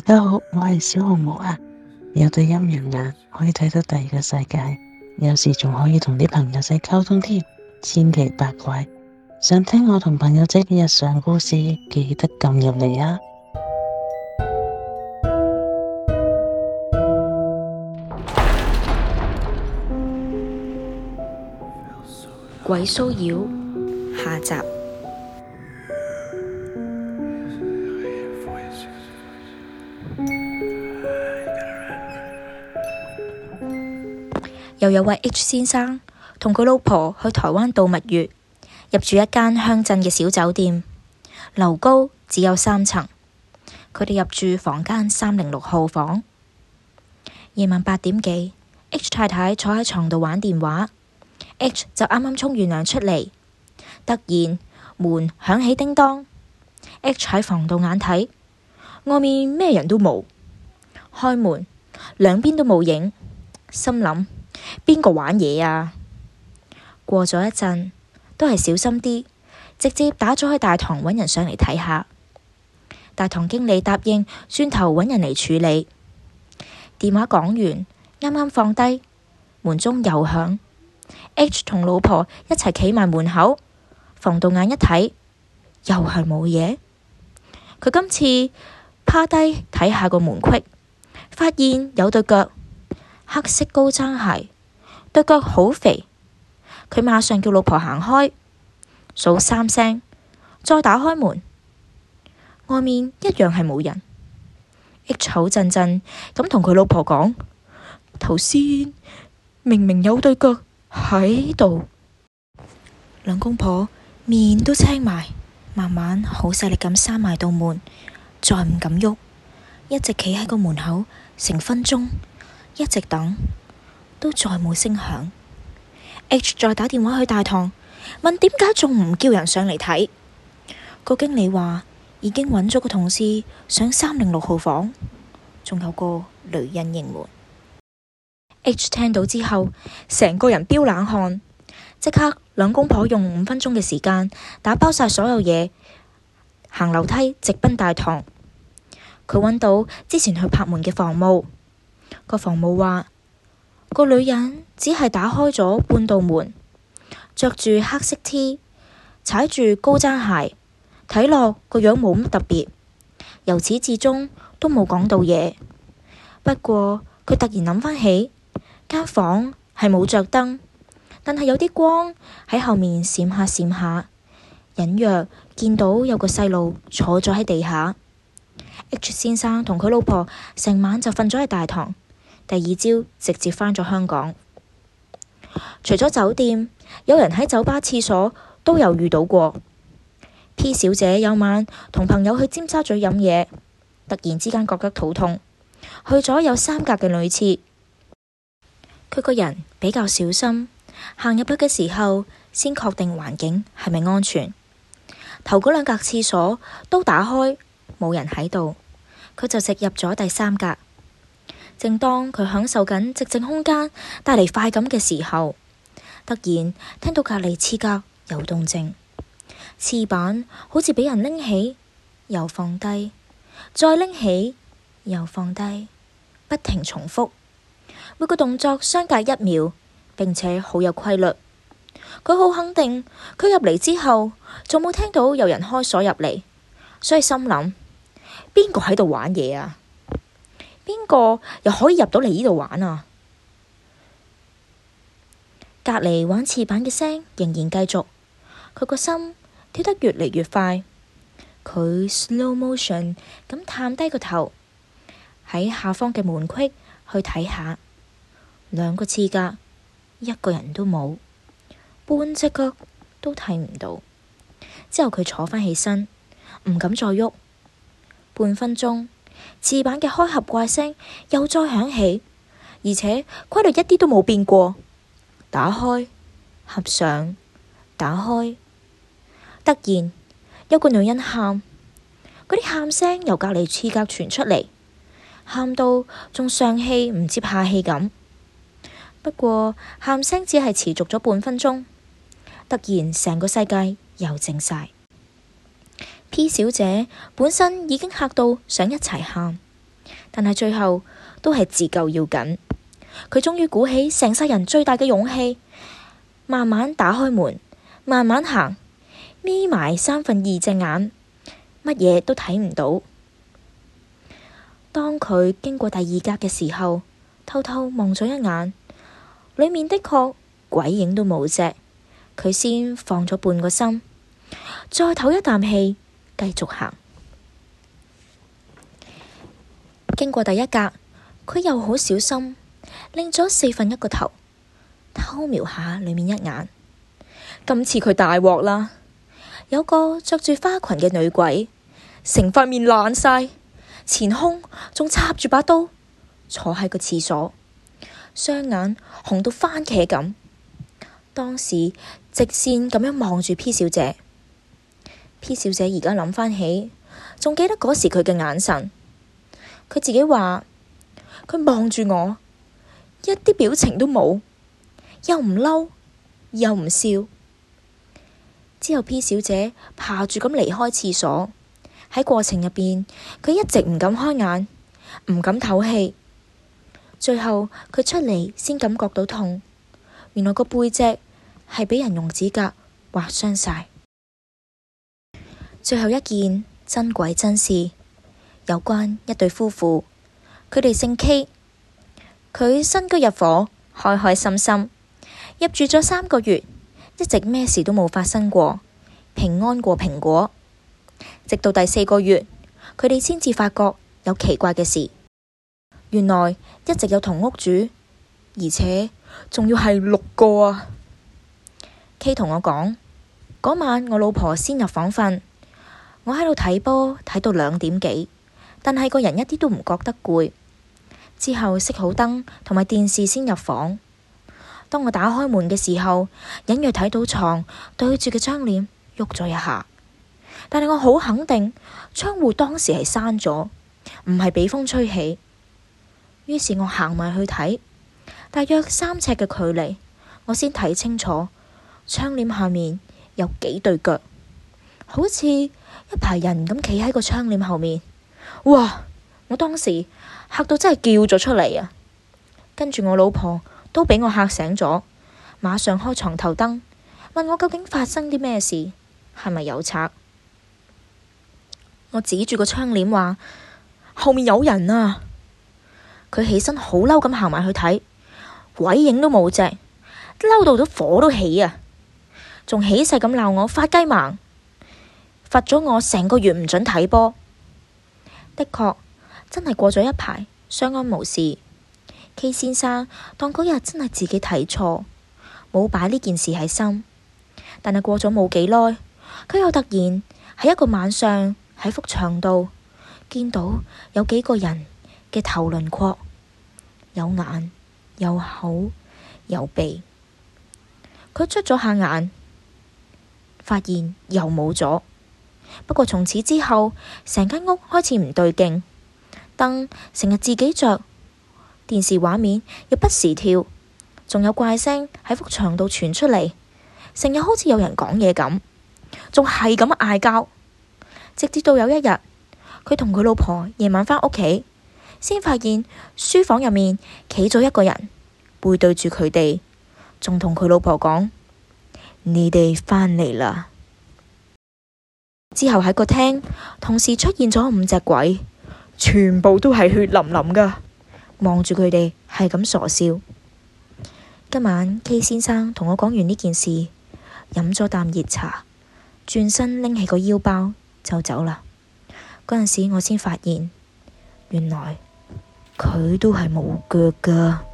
大家好，我係小紅帽啊，有對陰陽眼可以睇到第二個世界，有時仲可以同啲朋友仔溝通添，千奇百怪。想聽我同朋友仔嘅日常故事，記得撳入嚟！啊！鬼騷擾，下集。又有位 H 先生同佢老婆去台灣度蜜月，入住一間鄉鎮嘅小酒店，樓高只有三層。佢哋入住房間三零六號房，夜晚八點幾，H 太太坐喺床度玩電話，H 就啱啱沖完涼出嚟。突然門響起叮噹，H 喺防盜眼睇外面咩人都冇。開門兩邊都冇影，心諗，邊個玩嘢啊？過咗一陣，都係小心啲，直接打咗去大堂搵人上嚟睇下。大堂經理答應，轉頭搵人嚟處理。電話講完，啱啱放低，門鐘又響。H 同老婆一齊企埋門口，防盜眼一睇，又係冇嘢。佢今次趴低睇下個門隙，發現有對腳。黑色高踭鞋，對腳好肥。佢馬上叫老婆行開，數三聲，再打開門，外面一樣係冇人。H 口震震咁同佢老婆講：頭先明明有對腳喺度。兩公婆面都青埋，慢慢好細力咁閂埋道門，再唔敢喐，一直企喺個門口成分鐘。一直等，都再冇聲響。H 再打電話去大堂，問點解仲唔叫人上嚟睇。個經理話已經揾咗個同事上三零六號房，仲有個女人應門。H 聽到之後，成個人飆冷汗，即刻兩公婆用五分鐘嘅時間，打包晒所有嘢，行樓梯直奔大堂。佢揾到之前去拍門嘅房務。個房務話：個女人只係打開咗半道門，着住黑色 T，踩住高踭鞋，睇落個樣冇乜特別。由始至終都冇講到嘢。不過佢突然諗翻起間房係冇着燈，但係有啲光喺後面閃下閃下，隱約見到有個細路坐咗喺地下。H 先生同佢老婆成晚就瞓咗喺大堂。第二朝直接返咗香港，除咗酒店，有人喺酒吧廁所都有遇到過。P 小姐有晚同朋友去尖沙咀飲嘢，突然之間覺得肚痛，去咗有三格嘅女廁。佢個人比較小心，行入去嘅時候先確定環境係咪安全。頭嗰兩格廁所都打開，冇人喺度，佢就直入咗第三格。正當佢享受緊寂靜空間帶嚟快感嘅時候，突然聽到隔籬廁格有動靜。廁板好似畀人拎起又放低，再拎起又放低，不停重複，每個動作相隔一秒，並且好有規律。佢好肯定佢入嚟之後仲冇聽到有人開鎖入嚟，所以心諗邊個喺度玩嘢啊？邊個又可以入到嚟呢度玩啊？隔籬玩廁板嘅聲仍然繼續，佢個心跳得越嚟越快。佢 slow motion 咁探低個頭喺下方嘅門隙去睇下，兩個廁格一個人都冇，半隻腳都睇唔到。之後佢坐返起身，唔敢再喐，半分鐘，廁板嘅開合怪聲又再響起，而且規律一啲都冇變過。打開，合上，打開。突然，有個女人喊，嗰啲喊聲由隔籬廁格傳出嚟，喊到仲上氣唔接下氣咁。不過喊聲只係持續咗半分鐘，突然成個世界又靜晒。P 小姐本身已經嚇到想一齊喊，但係最後都係自救要緊。佢終於鼓起成世人最大嘅勇氣，慢慢打開門，慢慢行，眯埋三分二隻眼，乜嘢都睇唔到。當佢經過第二格嘅時候，偷偷望咗一眼，裏面的確鬼影都冇隻，佢先放咗半個心，再唞一啖氣，繼續行，經過第一格，佢又好小心，擰咗四分一個頭，偷瞄下裏面一眼。今次佢大鑊啦，有個着住花裙嘅女鬼，成塊面爛晒，前胸仲插住把刀，坐喺個廁所，雙眼紅到番茄咁，當時直線咁樣望住 P 小姐。P 小姐而家諗返起，仲記得嗰時佢嘅眼神。佢自己話：佢望住我，一啲表情都冇，又唔嬲又唔笑。之後 P 小姐爬住咁離開廁所，喺過程入邊佢一直唔敢開眼，唔敢透氣。最後佢出嚟先感覺到痛，原來個背脊係俾人用指甲劃傷晒。最後一件真鬼真事，有關一對夫婦，佢哋姓 K，佢新居入伙，開開心心入住咗三個月，一直咩事都冇發生過，平安過蘋果。直到第四個月，佢哋先至發覺有奇怪嘅事。原來一直有同屋主，而且仲要係六個啊。 K 同我講，嗰晚我老婆先入房瞓。我喺度睇波，睇到兩點幾，但係個人一啲都唔覺得攰。之後熄好燈同埋電視先入房。當我打開門嘅時候，隱約睇到床對住嘅窗簾喐咗一下，但係我好肯定窗戶當時係閂咗，唔係俾風吹起。於是我行埋去睇，大約三尺嘅距離，我先睇清楚窗簾下面有幾對腳，好似。一排人咁企喺個窗簾後面，哇！我當時嚇到真係叫咗出嚟啊！跟住我老婆都俾我嚇醒咗，馬上開床頭燈，問我究竟發生啲咩事，係咪有賊？我指住個窗簾話：後面有人啊！佢起身好嬲咁行埋去睇，鬼影都冇隻，嬲到咗火都起啊！仲起勢咁鬧我發雞盲。罰咗我成個月唔準睇波。的確，真係過咗一排，相安無事。K 先生當嗰日真係自己睇錯，冇擺呢件事喺心。但係過咗冇幾耐，佢又突然喺一個晚上喺幅牆度見到有幾個人嘅頭輪廓，有眼有口有鼻。佢捽咗下眼，發現又冇咗。不過從此之後，成間屋開始唔對勁，燈成日自己着，電視畫面又不時跳，仲有怪聲喺幅牆度傳出嚟，成日好似有人講嘢咁，仲係咁嗌交。直至到有一日，佢同佢老婆夜晚返屋企，先發現書房入面企咗一個人，背對住佢哋，仲同佢老婆講：「你哋返嚟啦。」之後喺個廳，同時出現咗五隻鬼，全部都係血淋淋噶，望住佢哋係咁傻笑。今晚 K 先生同我講完呢件事，飲咗啖熱茶，轉身拎起個腰包就走啦。嗰陣時我先發現，原來佢都係冇腳噶。